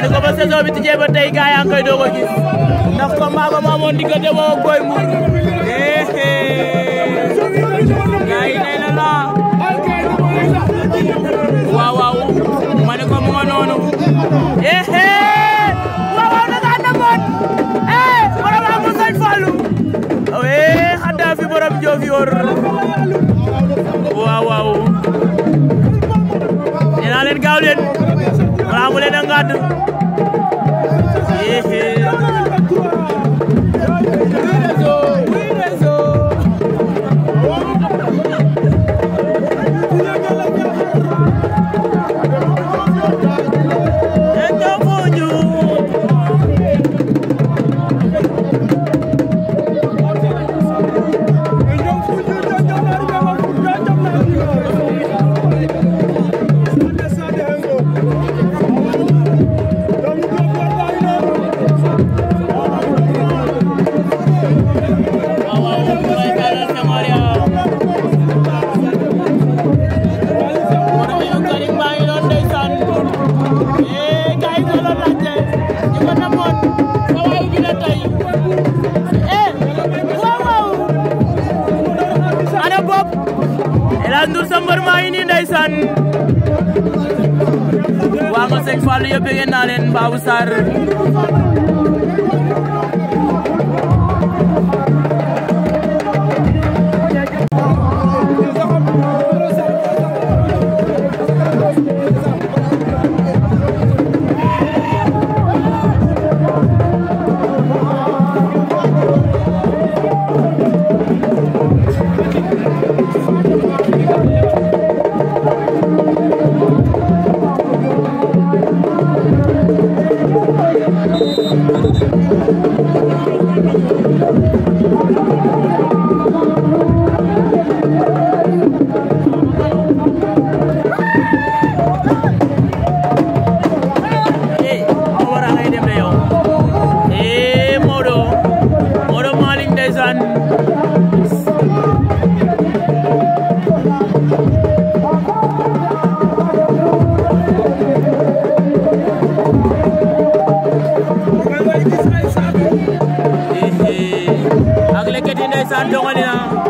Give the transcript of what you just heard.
ma ne ko ba saison bi tijjee ba tey gaa yaa ngi koy doog a gis ndax combat ba ma amoon diggante moom ak Boy Mbour gaa yi nee na la waaw waaw ma ne ko mu nga noonu eh, eh. waaw waaw da ngaa demoon eh borom am nga sëñ Fallou oh, eh xanaa fi borom Joof yor waaw waaw nee naa leen gaaw leen na ngàdd Elane Ndour sa mbër maa ngi nii ndeysaan waa ma sëñ Fallou yëpp bëgg naa leen Babou Sarr da ngay dem de yow eh Modou Modou Malick ndeysaan eh, eh. ak lekkati ndeysaan doxali